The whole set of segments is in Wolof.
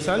sal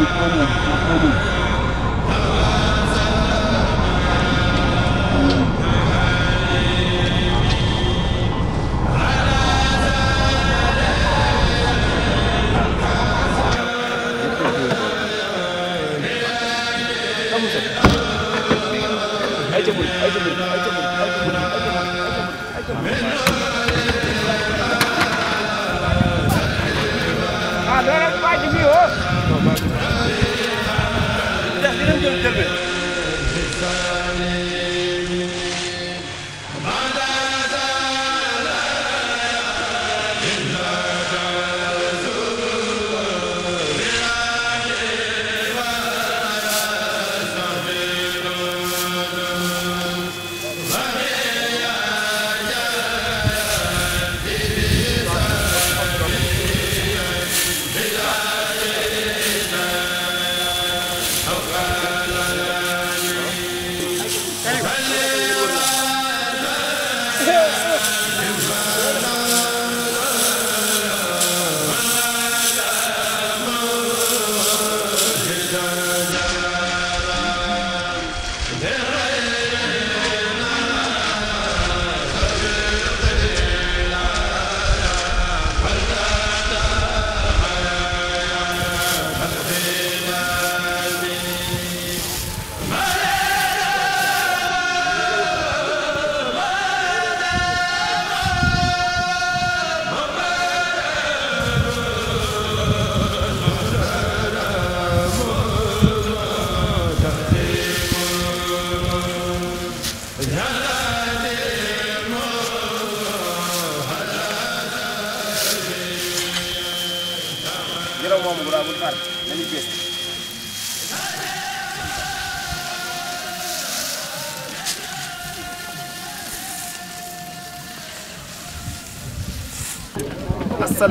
moom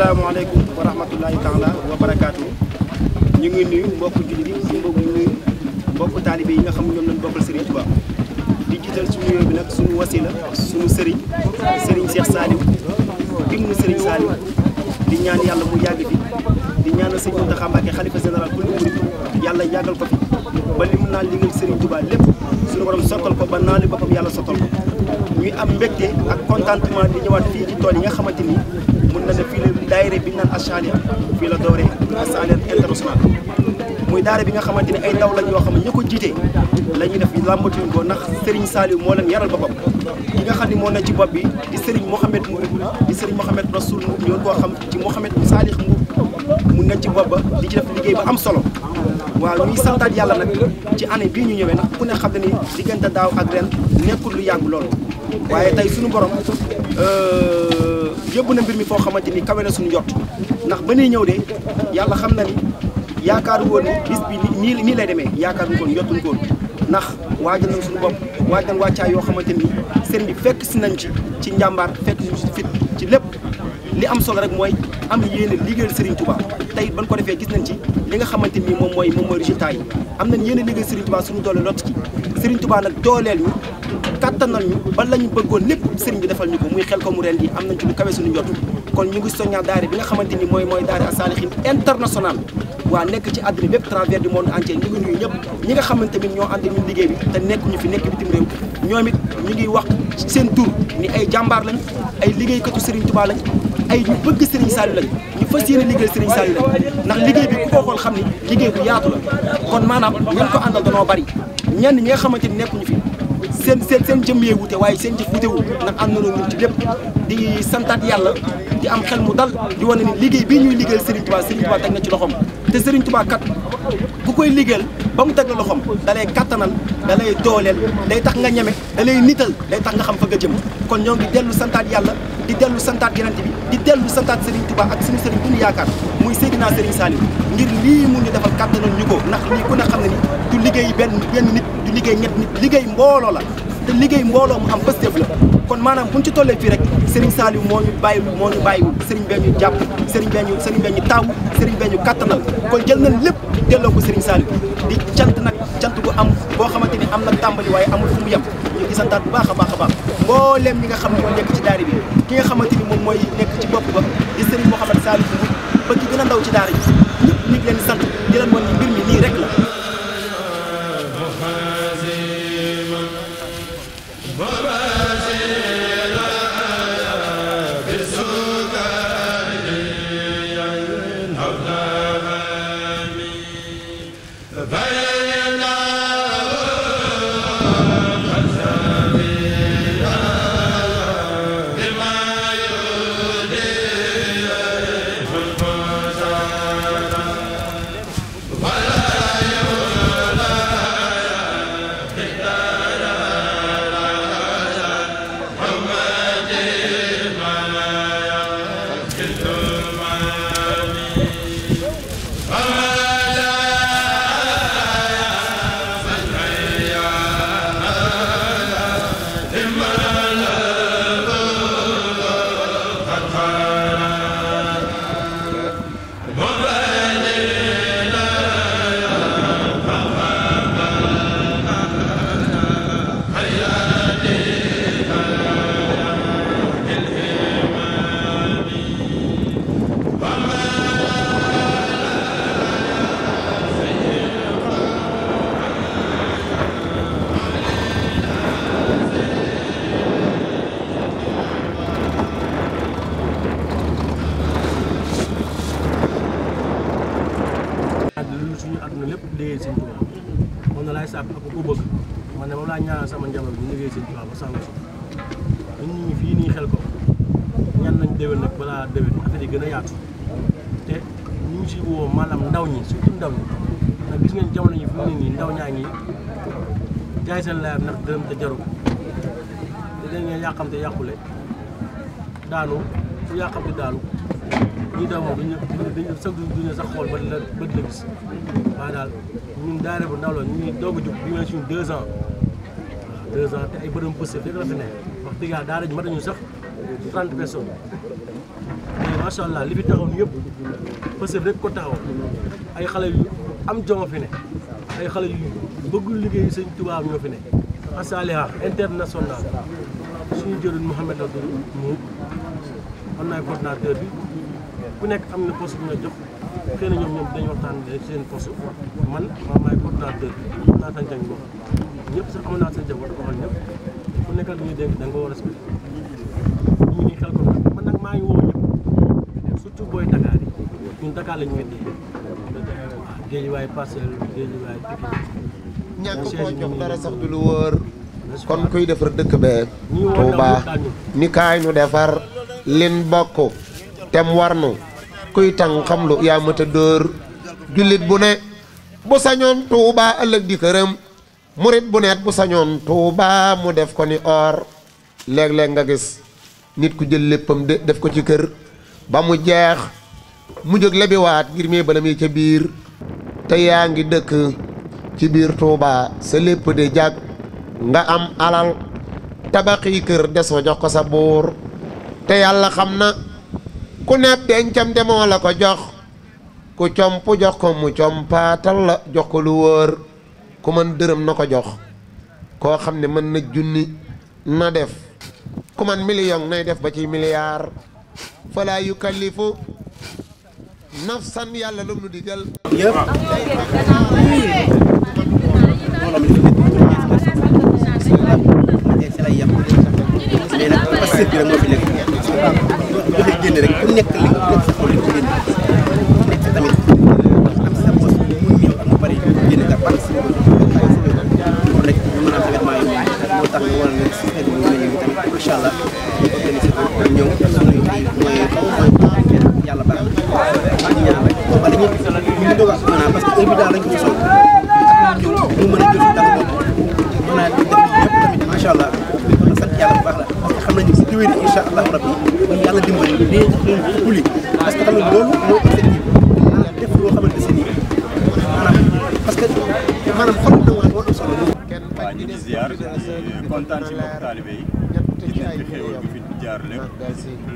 asalaamaaleykum wa rahmatullahi taala wa barakaatu ñu ngi nuyu mbokku jullit yi ñu bi nuyu mbokku taalibe yi nga xam ñoom lañ bokkal Serigne Touba di jiital suñu yooyu bi nag suñu wasila suñu Serigne Serigne Cheikh Saliou ibnu Serigne Saliou di ñaan yàlla mu yàgg fi di ñaan ñaanal sëñ Mountakha Mbacké xalifa général bu murid yàlla yàggal ko fi ba li mu naan liggéey Serigne Touba lépp suñu borom sottal ko ba naali boppam yàlla sottal ko ñuy am mbégte ak contentement di ñëwaat fii yi nga xamante ni mun na ne fii la daayira bi naan Ashalia fii la dooree Ashalia international muy daara bi nga xamante ne ay ndaw lañ yoo xam ne ñu ko jiite la ñuy def làmbatuñ ko ndax Serigne Saliou moo leen yaral boppam ki nga xam ne moo ne ci bopp bi di Serigne Mohamed Mbour di Serigne Mohamed Rasoul Mbour ñoon koo xam ci Mohamed Salih Mbour mu ne ci bopp ba di ci def liggéey ba am solo waaw ñuy santaat yàlla nag ci année bii ñu ñëwee ndax ku ne xam ne ni diggante daaw ak ren nekkul lu yàgg loolu waaye tey yóbbu na mbir mi foo xamante ni kawe na suñu yott ndax ba nee ñëw de yàlla xam na ni yaakaaru woon ni bis bi nii nii lay demee yaakaaruñu koon yottuñu koon ndax waajal nañ suñu bopp waaj nañ wàccaay yoo xamante ni seen bi fekk si nañ ci ci njàmbaar fekk si fit ci lépp li am solo rek mooy am yéene liggéeyal Serigne Touba tey ban ko defee gis nañ ci li nga xamante ni moom mooy moom mooy résultat yi am nañ yéene liggéeyal Serigne Touba suñu doole lott ci Serigne Touba nag dooleel ñu kattanal ñu ba lañu bëggoon lépp sëriñ bi defal ñu ko muy xel ko mu ren yi am nañ ci lu kawe suñu njot kon ñu ngi soññaa daare bi nga xamante ni mooy mooy daare asaalixin international waa nekk ci àddina bépp travers du monde entier ñu ngi nuyu ñëpp ñi nga xamante ni ñoo ànd liggéey bi te nekk fi nekk bitim réew ñoom it ñu ngi wax seen tur ni ay jàmbaar lañ ay liggéeykatu sëriñ Tuubaa lañ ay ñu bëgg Serigne Saliou lañ ñu fas yéene liggéey seen seen seen jëm yee wute waaye seen jëf wutewul ndax am nañoo ñun ci lépp di santaat yàlla di am xel mu dal di wane ni liggéey bii ñuy liggéeyal Serigne Touba Serigne Touba teg na ci loxoom te Serigne Touba kat ku koy liggéeyal ba mu teg loxoom da lay kattanal dooleel day tax nga ñeme da lay nital day tax nga xam fa nga jëm kon ñoo ngi dellu santaat yàlla di dellu santaat yonent bi di dellu santaat Serigne Touba ak suñu Serigne bu ñu yaakaar muy Seydina Serigne Saliou ngir lii mu liggéey ñett nit liggéey mbooloo la te liggéey mbooloo mu am Pastef la kon maanaam bu ñu ci tollee fii rek Serigne Saliou moo ñu bàyyi moo ñu bàyyiwul Serigne bee ñu jàpp Serigne bee ñu Serigne bee ñu taw Serigne bee ñu kattanal kon jël nañ lépp delloo ko Serigne Saliou di cant nag cant gu am boo xamante ni am na tàmbali waaye amul fu mu yem ñu di taat bu baax a baax a baax mbooleem ñi nga xam ne moo nekk ci daari bi ki nga xamante ni moom mooy nekk ci bopp ba di Serigne Mouhamed Saliou ba ki gën a ndaw ci ngi leen di leen wan ni mbir mi nii la te jaru te dañ ne yàqamte yàqule daanu fu yàqamte daanu ñi daw moom duñ dañ sax sax xool ba la bët la gis waaye daal ñun daara bu ndaw la ñu ngi doog a jug bi ñu suñu deux ans deux ans te ay bërëm bës rek la fi ne wax dëgg yàlla daara ji mën nañu sax trente personnes mais allah li fi taxaw ñëpp bës rek ko taxaw ay xale yu am jom fi ne ay xale yu bëggul liggéey sëñ tubaab ñoo fi ne asaliha international suñu jëriñ Mouhamed Abdou Mbow am naay coordinateur bi bu nekk am na poste bu nga jox xëy na ñoom ñoom dañu waxtaan seen poste man maa maay coordinateur bi naa tàncax gi ñëpp sax amoon naa seen jaboot da nga ko respecté ngi xel ko man nag maa ngi woo ñëpp surtout booy Dakar yi ñun Dakar la ñu weddee géej waay parcelle géej waay Pikine ñàkk koo jox dara sax du lu wóor kon kuy defar dëkk bee Tuuba ni kaay nu defar lin bokk tem war kuy tàng xam lu yaa mata dóor jullit bu ne bu sañoon Tuuba ëllëg di këram murit bu neet bu sañoon Tuuba mu def ko ni or léeg-léeg nga gis nit ku jël léppam de def ko ci kër ba mu jeex mu jóg lebiwaat ngir mee bala mi ca biir te yaa ngi dëkk ci biir Touba sa lépp di jag nga am alal tabaxi kër des desoo jox ko sa buur te yàlla xam na ku nekk dencam demoo la ko jox ku comp jox ko mu compaatal la jox ko lu wóor ku mën dërëm na ko jox koo xam ne mën na junni na def ku man million nay def ba ci milliard falaa yukallifu nafsan yàlla lu digal sëñ bi rek moo fi nekk dafay génne rek ku nekk li nga nekk sa xol ko génne nekk tamit am sa mos bu mu ñëw mu bari génne nga ban si kon rek ñu mën a am événement yi moo tax ñu waral leen si xel ñu ne ñu tamit incha allah ñu ko génne si ñëw suñu mooy yàlla baax na ñu ñaan rek bala ñu ñu doog a mën a parce que heure bi daal lañ ko fi sol ak ñu ñëw ñu mën a jël dara déwén incha allah rabbi ba yàlla dimbali dee nga xëy na fukki parce que tamit loolu mooy objectif maanaam def loo xamante ne nii maanaam parce que maanaam xol na waa moo am solo. waaw ñu ngi ziar di kontaan ci mbokk taalibe yi gis nañ fi xéewal bi fi jaar lépp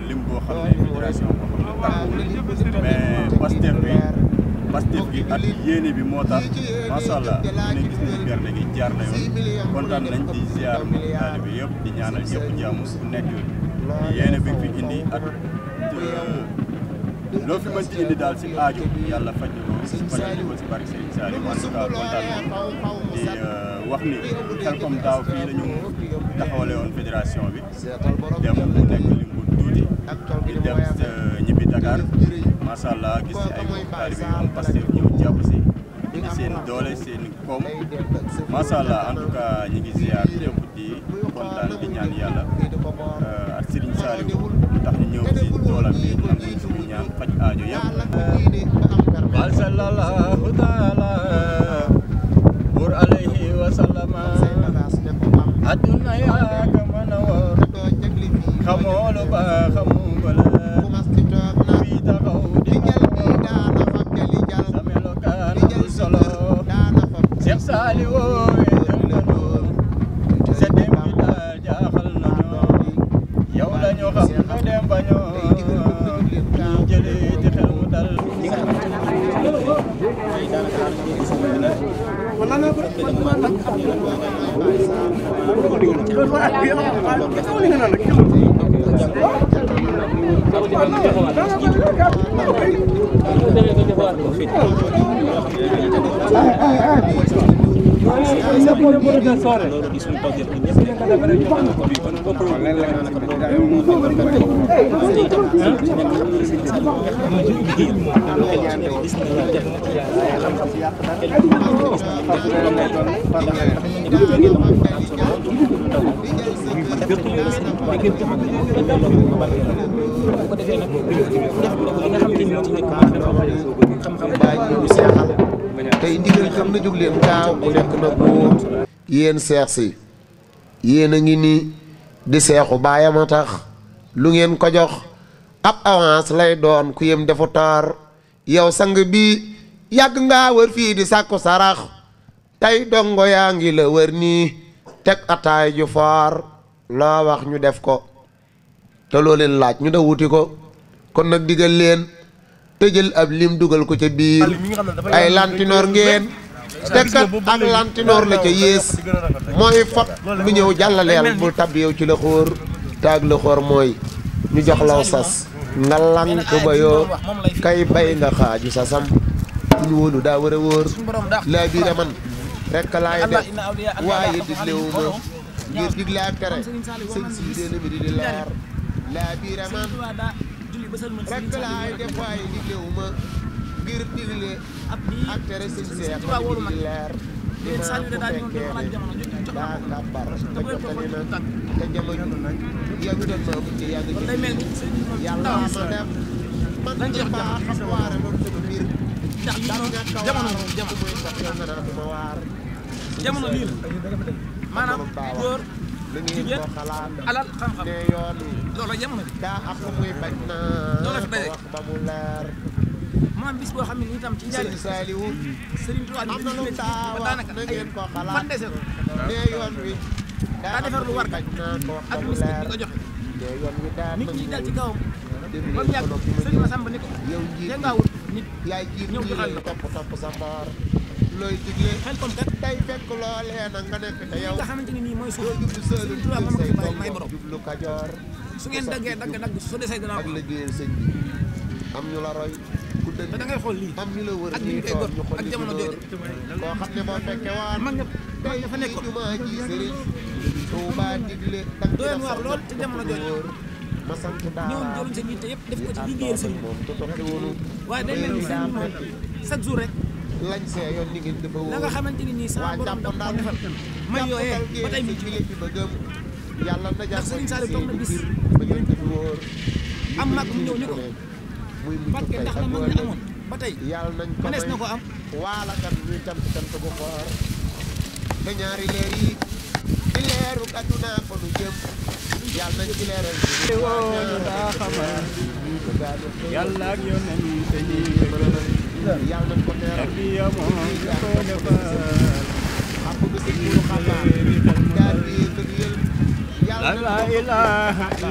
lim boo xam ne fédération boo xam ne tàkkuwul mais Pastef bi. pastif gi ak yéene bi moo tax macha allah gis nañu berne gi jaar na yoon nañ di ziar mbokk taalibe yëpp di ñaanal yëpp jàmm su nekk yéene bi fi indi ak euh, loo fi mën indi daal si aaju yàlla faj na si barke Serigne Saliou en tout cas kontaan di euh, wax ni xel daaw fii la ñu taxawale bi dem nekk li mu tuuti di dem euh, ñibbi Dakar. macha allah gis si ay mbokk taalibe yu am Pastef ñëw jàpp si indi seen doole seen koom macha allah en tout cas ñu di kontaan di ñaan yàlla euh, ak Serigne Saliou tax ñu ñëw si doolam bi am nañ suñu ñaan faj aajo yëpp. bal sallallahu taala bur alayhi wa sallama adduna yaa ka mën a wor xamoo lu baax xamoo bala loolu di suñu toggee ñun ñëpp nekk nañ ko bi kon bokkul woon nag xam-xam baa ñu seexal tey ndigal xam na jóg leen gaaw bu nekk na góor yéen seex si yéen a ngi nii di seexu baayam a tax lu ngeen ko jox ab avance lay doon ku yéem defu toor yow sang bi yàgg ngaa wër fii di sàkku sarax tey dongo yaa ngi la wër nii teg ataay ju foor loo wax ñu def ko te loo leen laaj ñu da wuti ko kon nag digal leen te jël ab lim dugal ko ca biir ay lantinoor ngeen tekkat ak lantinoor la ca yées mooy fab lu ñëw jàllaleel bul tab yow ci la xóor taag la xóor mooy ñu jox law sas nga lank ba yoo kay bay nga xaaju sasam ñu wóolu daa war a wóor laa biira man rekk laay def waaye diglewu ma ngir digle ak tere sëñ si déena mi laa biira man ngir digle ak tere sëñ Seex di leer dinaa ko fekkee de daa kàbbar te jottali na te jëmañu yàggutal ma bu ci yàgg ci yàlla ma def man ci baa xam waare loolu sama mbir ndax jamono jamono muy sax yow nga dara du ma waar jamono lii la maanaam góor jigéen alal xam-xam ne yoon wi daa am muy bañ na ko wax ba mu leer mu am bis ne nii tam ci Serigne Saliou Serigne Touba am na lu taa nit ñi dal ci kawam ba mu yàgg Serigne Massamba ni ko te ngaa wut nit la topp topp sa mbaar looy digle xel comme kat day fekk loolee na nga ko bàyyi may borom jublu Kajoor su ngeen daggee dagg nag su desee dana ak liggéeyal sëñ bi am ñu la roy te da ngay xool lii tam ñu la wër ak ñu koy gor ak jamono jooju koo xam ne moo fekke waa mag ñëpp yooyu dafa nekkoon doyoon waar lool te jamono jooju ñëwoon jëluñ seen yitte yëpp def ko ci liggéeyal sëñ waaye day mel ni sëñ moom chaque jour lañ see yoon ni ngeen dafa wóor la nga xamante ni nii sama borom da ko defal may yooyee ba tey mi ci yàlla na jàpp ndax sëriñ Saliou toog na bis am mag mu ñëw ni ko muy mujj fay xam nga léegi yàlla nañ ko may waalakat ñuy cant cant bu xoor te ñaari leer yi ci leeru àdduna fa nu jëm yàlla nañ ci leeral bi woonu daa xamal yàlla ak yonent nañ ko teeral bi yamoon di ko defal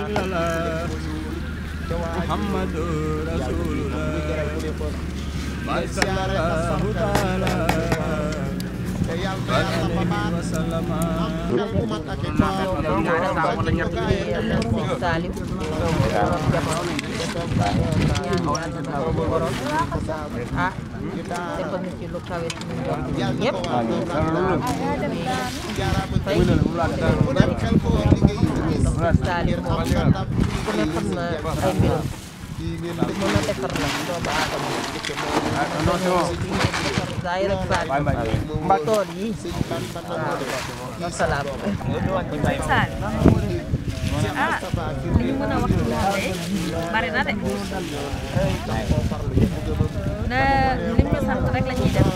ab Muhammadu Rasulullah sallallahu taala wa sallama ah defal ñu ci lu kawe suñu njort ñëpp Saliou moom ndax ku ne xam na ay mbiram mën a defar la doomu aadama zaahir ak baatin tool yi waaw salaam ah li ñu mën a wax ci moom de bari na de na lim ñu sant rek la ñuy def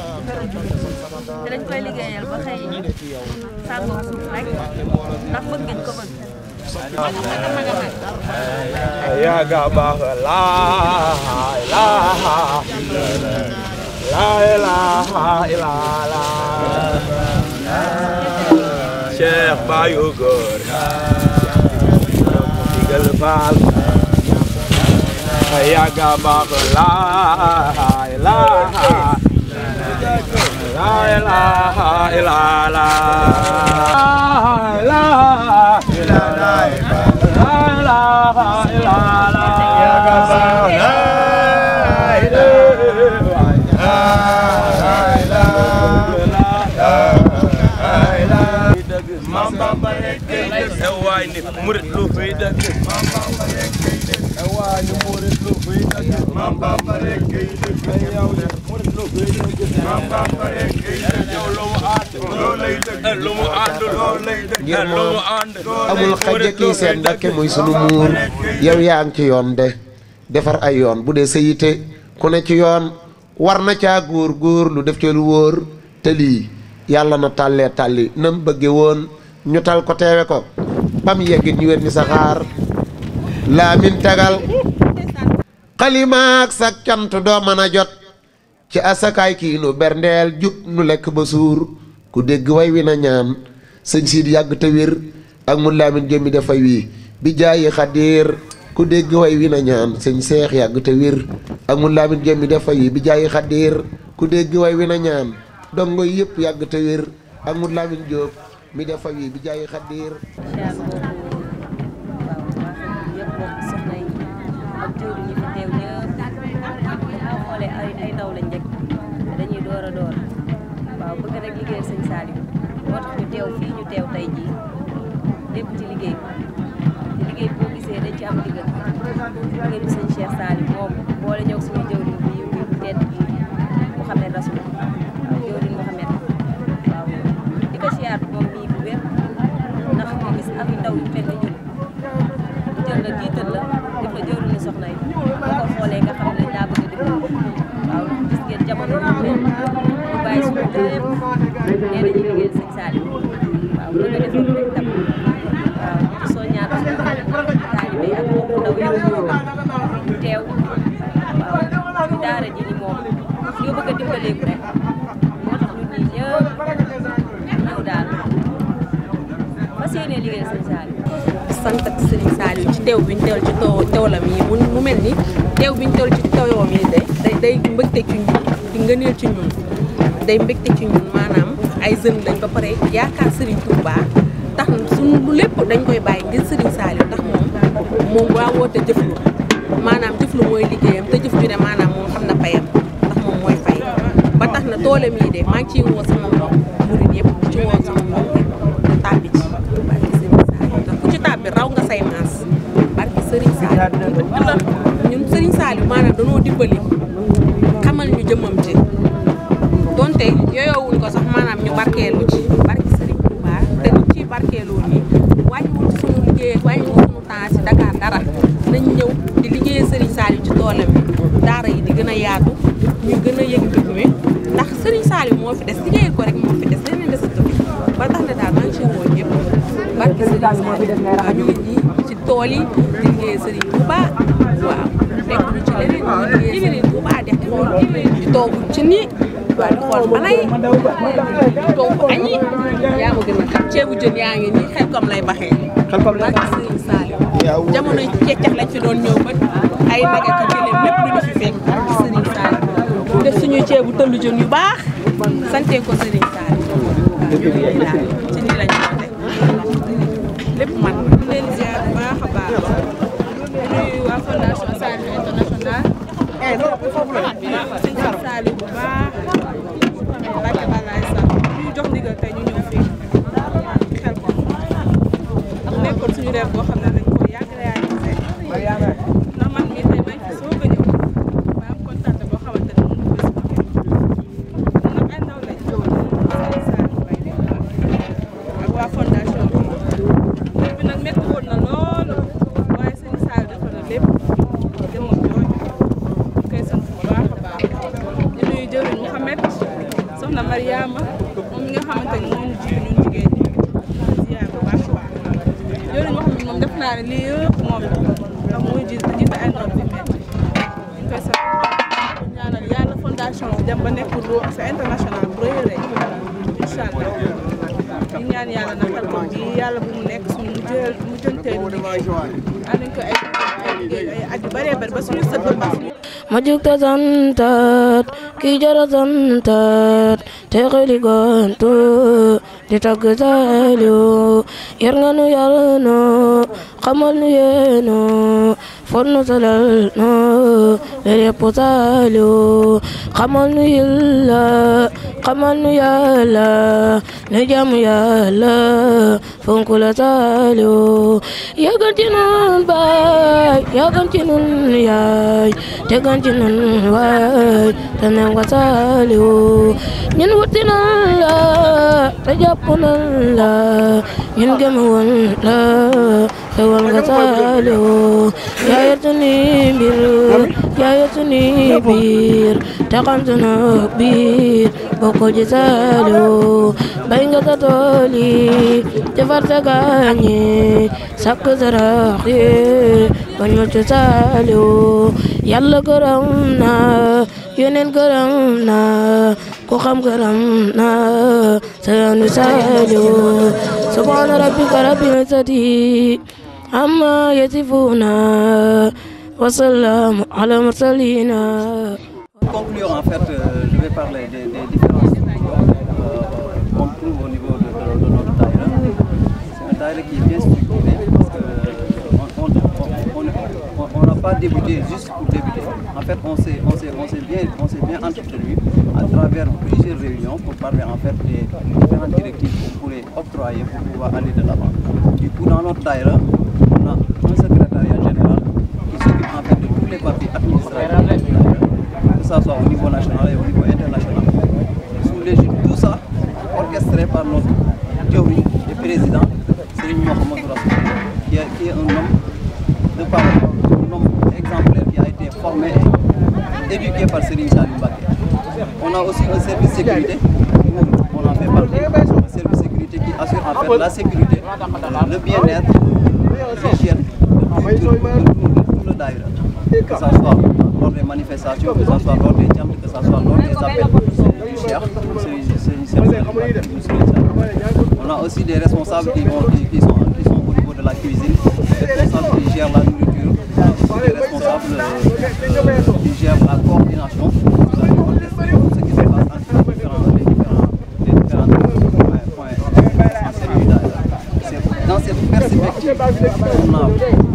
te dañ koy liggéeyal ba xëy sàggoo suuf rek ndax bëgg ngeen ko bëgg ya gaba la la la la la la Cheikh Bayu Góor digal faal ya gaba la la la la la la amul xaj ak kii seen Mbàkke muy sunu muur yow yaa ngi ci yoon de defar ay yoon bu dee sa yite ku ne ci yoon war na caa góor góor lu def ca lu wóor te lii yàlla na tàllee tàlli nam bëgge woon ñu tal ko teewe ko bam yeggit ñu wet ni saxaar laamin tagal xalimaak sak cant doo mën a jot ci asakaay kii nu berndeel jub nu lekk ba suur ku dégg way wi na ñaan sëñ siid yàgg te wér ak mu laamin jëmmi dafa wii bi jaayi xadiir ku dégg way wi na ñaan sëñ seex yàgg te wér ak mu laamin jëmmi dafa wii bi jaayi ku dégg way wi na yëpp yàgg te wér ak mu laamin jóob mi dafa wii bi jaayi xadiir Saliou moo tax ñu teew fii ñu teew tey jii lépp ci liggéey bi te liggéey boo gisee dañ ci am ndigal liggéey bi sëñ Cheikh Saliou moom boole ñëw suñu sant ak Serigne Saliou ci teew bi ñu teewal ci too teewalam yi mu mel ni teew bi ñu teewal ci teewam yi day day day mbëgte ci ñun di ngëneel ci day mbëgte ci maanaam ay jeunes lañ ba pare yaakaar Serigne Touba tax suñu lépp dañ koy bàyyi ngir Serigne Saliou tax moom moom waa woote jëflu maanaam jëflu mooy liggéeyam te jëf ju maanaam moom xam na payam ndax moom mooy fay ba tax na toolam yi de maa ngi ciy tool yi di liggéey sëriñ Touba waaw nekkuñu ci leneen ñu ngi liggéey sëriñ Touba di xool di toog ci nii waaw xool mala yi di toog yaa ma gën a xam ceebu jën yaa ngi nii xel kom lay baxee xel sëriñ Saliou jamono ceecax fi doon ñëw ba ay naga ci jëlee lépp lu ñu fi fekk sëriñ Saliou def suñu ceebu tëllu jën yu baax sante ko sëriñ Saliou la fondation Saliou international eh non foofu la sëñ Saliou bu baax Mbacke Balaye sax ñu jox ndigal tey ñu ñëw fii xel ko nekkoon suñu reer boo xam soxna Mariama moom mi nga xamante ni moom ji ñun jigéen ñi ziar bu baax a baax yoonu wax mi moom def naa ne lii yëpp moom la ndax mooy ji jiite ay ndox bi métti ñu koy sant ñaanal yàlla fondation bi dem ba nekk roo sa international bu rëy a rëy incha allah ñu ñaan yàlla nafal ko bi yàlla bu mu nekk suñu mu jël mu jënteel am nañ ko ay ay at yu bëree bëri ba suñu sët ba ma jug ta santaat ki jara santaat teqali gontu di tagg Saliou yar nga nu yar nu xamal nu yeenu fon nu xamal nu yàlla xamal nu yàlla nu jaamu yàlla fonk la taaloo yàggal nun baay yàggal ci nun yaay tegal ci nun waay te nan ko taaloo wuti nan la te jàpp nan la ñun gëmu woon la te wal nga taaloo yaayatu ni mbir yaay sunu biir taxam sunu biir bokk ci saaliwu bay nga sa tool yi defar sa gaañ yi sakk sa rax yi bañ ma ci saaliwu yàlla gërëm na yeneen gërëm na ku xam gërëm na sayanu saaliwu subhaana rabbika rabbil izzati amma yasifuuna wasalaamu ala mursalina. Pour conclure en fait euh, je vais parler des, différences qu'on euh, au niveau de, de, de C'est un daïra qui est bien structuré parce qu'on euh, n'a pas débuté juste pour débuter. bien on s'est à travers plusieurs réunions pour parler en fait des différentes directives qu'on pourrait octroyer pour pouvoir aller de l'avant. Du coup dans notre daïra partie administrative, que ce soit au niveau tout ça, orchestré par notre théorie et président, Serigne Mohamed Rasoul, qui, qui est un homme de exemplaire qui a été formé et éduqué par Serigne Salim On a aussi un service sécurité, on en fait partie, un service sécurité qui assure en fait la sécurité, le bien-être, l'hygiène, tout le daayira. que ça soit lors des manifestations, que ça soit lors des jams, que ça soit lors des appels. On a aussi des responsables qui, vont, qui, qui, sont, qui sont au niveau de la cuisine, des responsables qui gèrent la nourriture, des responsables euh, qui gèrent la coordination. Dans cette perspective, on a